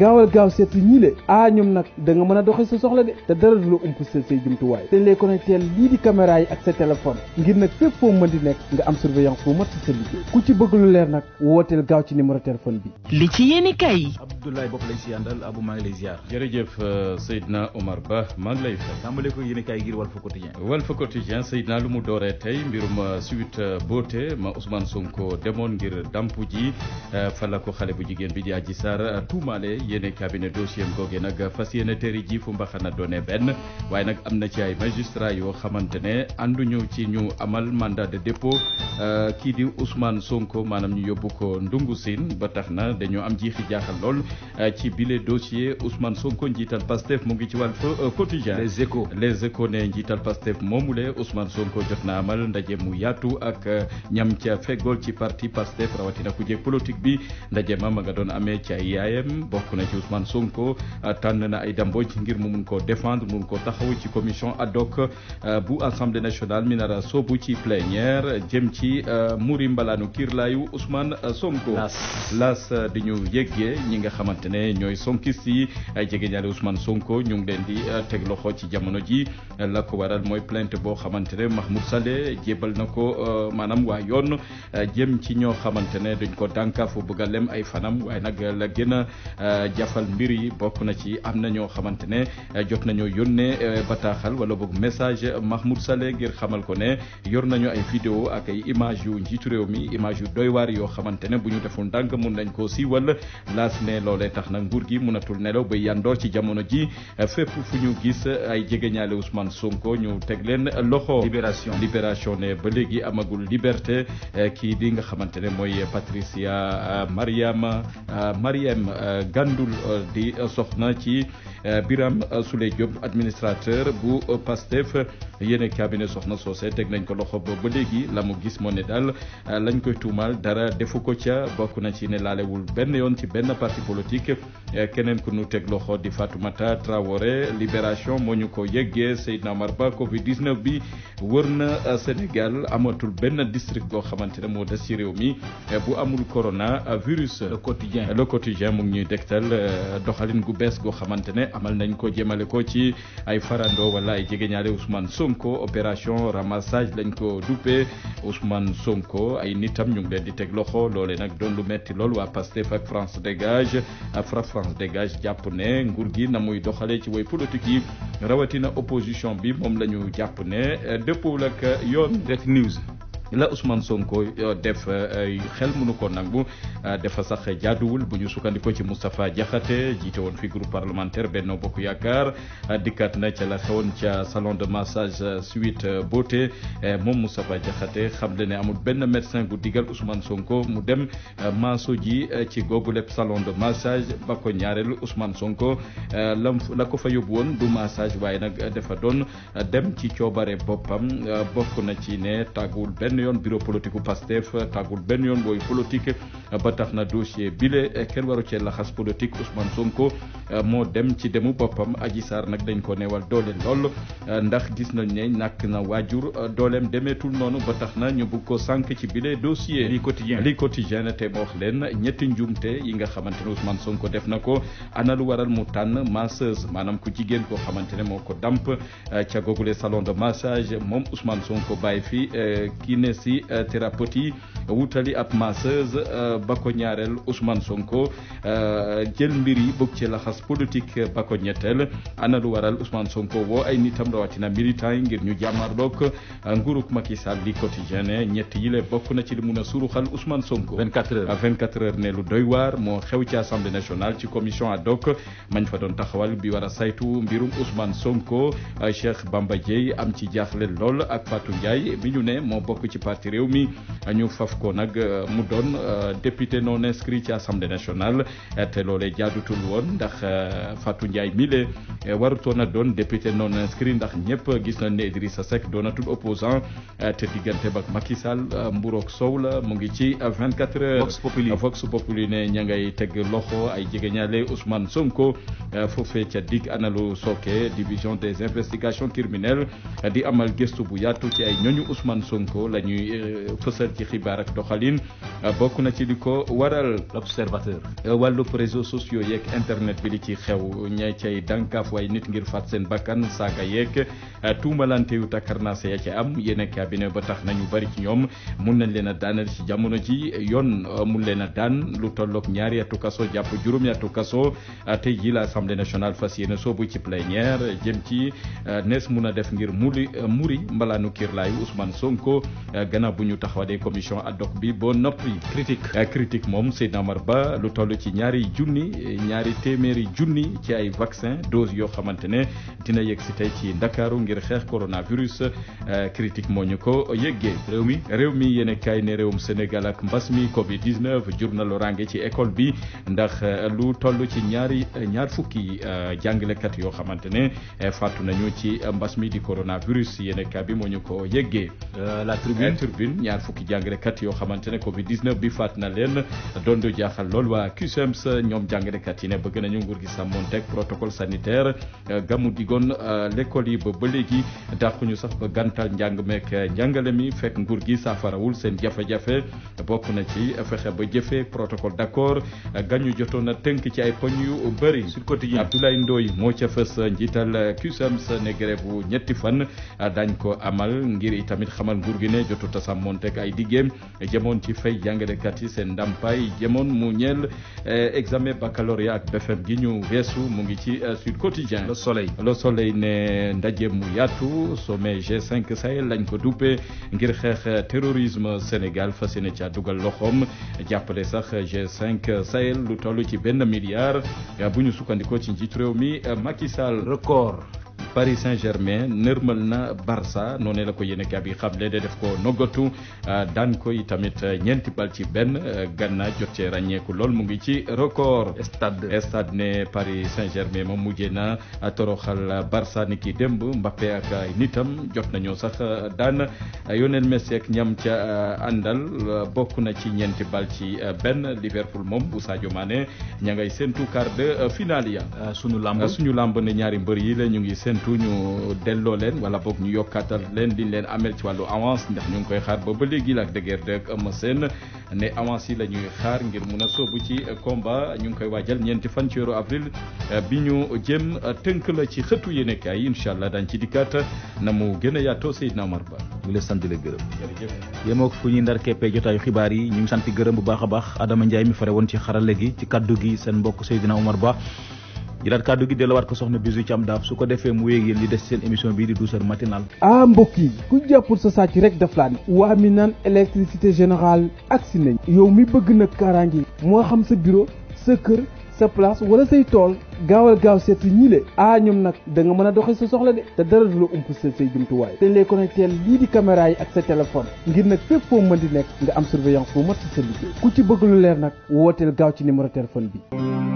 gaawal gaaw seet si ñii le ah nag da nga mën a doxee sa soxla de te dara du la umpaseel say jumtuwaay dañ lay connecté yi ak sa téléphone ngir nag fépp foo mën di nekk nga am surveillance bu mat ku ci bëgg lu leer nag wooteel gaaw ci numéro téléphone bi li ci yéeni kay Abdoulaye bopp lay si àndal Abou maa ngi lay ziar jërëjëf euh, Seydina Omar maa ngi lay fay tàmbale ko yéeni kay ngir Walf Quotidien Walf Quotidien Seydina lu mu dooree tey mbirum euh, suite euh, beauté ma Ousmane Sonko demoon ngir dampu ji fa la ko xale bu jigéen bi di Adji Sarr tuumaale yéene cabinet dossier am googe nag fas yéene tëri ji fu mbaxana doone benn waaye nag am na ci ay magistrat yoo xamante ne ànduñu ci ñu amal mandat de dépôt euh, kii di Ousmane Sonko maanaam ñu yóbbu ko ndungu siin ba tax na dañoo am jiixi jaaxal lool euh, ci bile dossier Ousmane Sonko njiital Pastef mu ngi ci Walf euh, Quotidien les éco les échos ne njiital Pastef moomule Ousmane Sonko jot na amal ndaje mu yaatu ak ñam ca feggool ci parti Pastef rawatina ku jeeg politique bi ndaje ma ma nga doon amee ca yaayam sàkku na ci Ousmane Sonko euh, tànn na ay damboj ngir mu mun koo défendre mun ko taxaw ci commission ad hoc euh, bu assemblée nationale mi nar a ci plénière jëm ci euh, muri mbalaanu kiirlaayu Ousmane Sonko. las di ñu yëggee ñi nga xamante ne ñooy sonkis yi ay jegeñaale Ousmane Sonko ñu ngi leen di teg loxo ci jamono ji lakk ko waral mooy plainte boo xamante ne Mahmoud Saleh jébal na ko maanaam waa yoon jëm ci ñoo xamante ne dañ ko dànkaafu bëgg a lem ay fanam waaye nag la gën jafal mbir yi bokk na ci am na ñoo xamante ne eh, jot nañoo yónnee eh, bataaxal wala boog message Mahmoud Saleh ngir xamal ko ne yor nañu ay vidéo ak ay image yu njiitu réew mi image yu doy waar yoo xamante ne bu ñu deful ndànk mun nañ koo siiwal laas ne loolee tax na nguur gi mënatul nelaw ba yandoor ci jamono ji eh, fépp fu ñu gis ay jegeñaale Ousmane Sonko ñu teg leen loxo. Libération Libération ne ba léegi amagul liberté kii di nga xamante ne mooy Patricia Mariam Mariam àndul euh, di euh, soxna ci euh, Biram Souley Diop administrateur bu Pastef yéene cabinet soxna soose teg nañ ko loxo ba ba léegi la mu gis moo ne daal lañ koy tuumaal dara defu ko ca bokk na ci ne laalewul benn yoon ci benn parti politique keneen ku nu teg loxo di Fatoumata Traoré libération moo ñu ko yëggee Seydina Omar Ba Covid 19 bi wër na Sénégal amatul benn district goo xamante ne moo des ci réew mi bu amul corona virus. le quotidien le quotidien mu ngi ñuy rafetal euh, doxalin gu bees goo xamante ne amal nañ ko jëmale ko ci ay farando wala ay jegeñaale Ousmane Sonko opération ramassage lañ ko duppee Ousmane Sonko ay nitam ñu ngi leen di teg loxo loole nag don lu metti lool waa Pastef ak France dégage Fra France dégage jàpp ne nguur gi na muy doxalee ci way politique yi rawatina opposition bi moom la ñu jàpp ne euh, dëppul ak euh, yoon Direct News. la Ousmane Sonko euh, def euh, xel mënu ko nangu euh, defa sax jaaduwul bu ñu sukkandikoo ci Moustapha Diakhaté jiite woon fi groupe parlementaire benn Bokk Yaakaar dikkaat na ca la xewoon ca salon de massage suite beauté moom Moustapha Diakhaté xam le ne amul benn médecin gu digal Ousmane Sonko mu dem maaso ji ci googu lépp salon de massage ba ko ñaareelu Ousmane Sonko lam la ko fa yóbbu woon du massage waaye nag dafa doon dem ci coobare boppam bokk na ci ne tàgguwul benn benn yoon bureau politique bu Pastef tàggul benn yoon booy politique ba tax na dossier bile kenn waru cee laxas politique Ousmane Sonko Euh, moo dem ci demu boppam Adji Sarr nag dañ ko neewal doole lool euh, ndax gis nañ ne ñàkk na waajur euh, dooleem demeetul noonu ba tax na ñu bugg ko sànq ci bile dossier. li quotidien li quotidien te ma wax leen ñetti njuumte yi nga xamante ne Sonko def na ko ana waral mu tànn masseuse maanaam ku jigéen koo xamante ne moo ko damp ca googule salon de massage moom Ousmane Sonko bàyyi fi kinésithérapeute yi wutali ab masseuse ba ko ñaareel Ousmane Sonko jël mbir yi bëgg ci laxas violence politique ba eh, ko ñetteel ana lu waral Ousmane Sonko woo ay nitam rawatina militant yi ngir ñu jàmmarloog eh, nguurug Macky Sall li quotidien ñett yi le bokk na ci li mun a suruxal Ousmane Sonko. 24 heures 24 heures ne lu doy waar moo xew ci assemblée nationale ci commission ad mañ fa doon taxawal bi wara a saytu mbirum Ousmane Sonko eh, Cheikh Bamba Dièye am ci jaaxle lool ak Fatou Ndiaye bi ñu ne moo bokk ci parti réew mi ñu faf ko nag mu doon député non inscrit ci assemblée nationale te loolee Fatou Ndiaye mile eh, warutoon a doon député non inscrit ndax ñëpp gis nañ ne Idrissa Seck doonatul opposant eh, te diggante bak Macky Sall eh, mburook soow la mu ngi ci 24 heures. Vox Populi Vox Populi ne ña ngay teg loxo ay jegeñaale Ousmane Sonko foofee ca dig analu sooke division des investigations criminelles di amal gëstu bu yaatu ci ay ñooñu Ousmane Sonko la ñuy fësal ci xibaar ak doxalin bokk na ci li ko waral. L'Observateur wàllu réseaux sociaux yeeg internet li ci xew ña cay dànkaaf waaye nit ngir faat seen bakkan saaga yeeg ah, tuumalante yu takkarnaase ya am yeneen cabinet ba tax nañu bari ci ñoom mun nañ leen a daaneel ci jamono ji yoon ah, mu leen a daan lu tolloog ñaari atu kaso jàpp juróomi atu kaso ah, tey ji la assemblée nationale fas yéene soobu ci plénière jëm ci nees mun a def ngir muri muri mbalaanu kiirlaayu Ousmane Sonko gannaaw bu ñu taxawalee commission ad hoc bi boo noppi critique critique moom Seydina Omar Ba lu toll ay junni ci ay vaccin dose yoo xamante ne dina yegg si tey ci ndakaaru ngir xeex coronavirus euh, critique moo ñu ko yëggee réew mi réew mi yéen kaay ne réewum Sénégal ak mbas mi Covid 19 jur na loraange ci école bi ndax euh, lu toll ci ñaari euh, ñaar fukki jàngalekat yoo xamante ne fàttu nañu ci mbas mi di coronavirus yéen kaay bi moo ñu ko yëggee. la tribune tribune ñaar fukki jàngalekat yoo xamante ne Covid 19 bi fàtt na leen doon jaaxal lool waa CUSEMS e ñoom jàngalekat yi ne bëgg nañu nguur gi sàmmoonteeg protocole sanitaire euh, gamu digoon euh, l'école yi ba ba léegi dàquñu sax ba gàntal njàng meek euh, njàngale mi fekk nguur gi saafarawul seen jafe-jafe bokk na ci fexe ba jëfee protocole d'accord gañu jotoon na tenk ci ay poñ yu bëri Abdoulaye Ndoye moo a fës njiital CUSEMS ne grève bu ñetti fan dañ ko amal ngir itamit xamal nguur gi ne jotut a sàmmoonteeg ay diggéem jëmoon ci fay yi seen mu ñeel examen baccalauréat ak BFEM gi ñu weesu mu ngi ci euh, Sud Quotidien Le Soleil Le Soleil ne ndaje mu yaatu sommet G5 Sahel lañ ko duppee ngir xeex euh, terrorisme Sénégal fas yéene ca dugal loxoom jàppale sax G5 Sahel lu toll ci benn milliard euh, bu ñu sukkandikoo ci njiitu réew mi Macky Sall record Paris Saint-Germain nërmal na Barça noonu la ko yéen a bi xamle de def ko noggatu euh, daan koy tamit euh, ñeenti bal ci benn euh, Gana jot cee ràññeeku lool mu ngi ci record. stade stade ne Paris Saint-Germain moom mujjee na toroxal Barça ni ki démb Mbappé ak nitam jot nañoo sax daan Euh, Lionel Messi ak ñam ca euh, àndal euh, bokk na ci ñeenti bal ci benn Liverpool moom bu Sadio maane ña ngay séntu quart de finale ya suñu lamb suñu ne ñaari mbër yi la ñu ngi séntu ñu delloo leen wala bokk ñu yokkaatal leen liñ leen amel ci wàllu avance ndax ñu ngi koy xaar ba ba léegi la ak dëgër dëgg am ne avance yi la ñuy xaar ngir mun a soobu ci combat ñu ngi koy waajal ñeenti fan ci weeru avril bi ñu jëm tënk la ci xëtu yéenekaay yi incha allah dañ ci dikkaat na mu gën a yaatoo sant di ñuy ndar keppee jotaayu xibaar yi ñu ngi gërëm bu baax a baax mi fare woon ci xarale gi ci kaddu gi seen mbokk Seydina Omar Ba jëlaat kaddu gi delluwaat ko soxna bisu càm su ko defee mu yéeg li des seen émission bii di douze heures matinal ah ku jàppul sa sàcc rek daf laa ne waa mi naan électricité générale agsi nañ yow mi bëgg nag kaaraange moo xam sa bureau sa kër sa place wala say tool gaawal gaaw seet si ñii ah ñoom nag da nga mën a doxee sa soxla de te dara du la ump sa say jumtuwaay dañ lay connecté lii di caméra ak sa téléphone ngir nag fépp foo mën di nekk nga am surveillance bu mat si sa liggéey ku ci bëgg lu leer nag wooteel gaaw ci numéro téléphone bi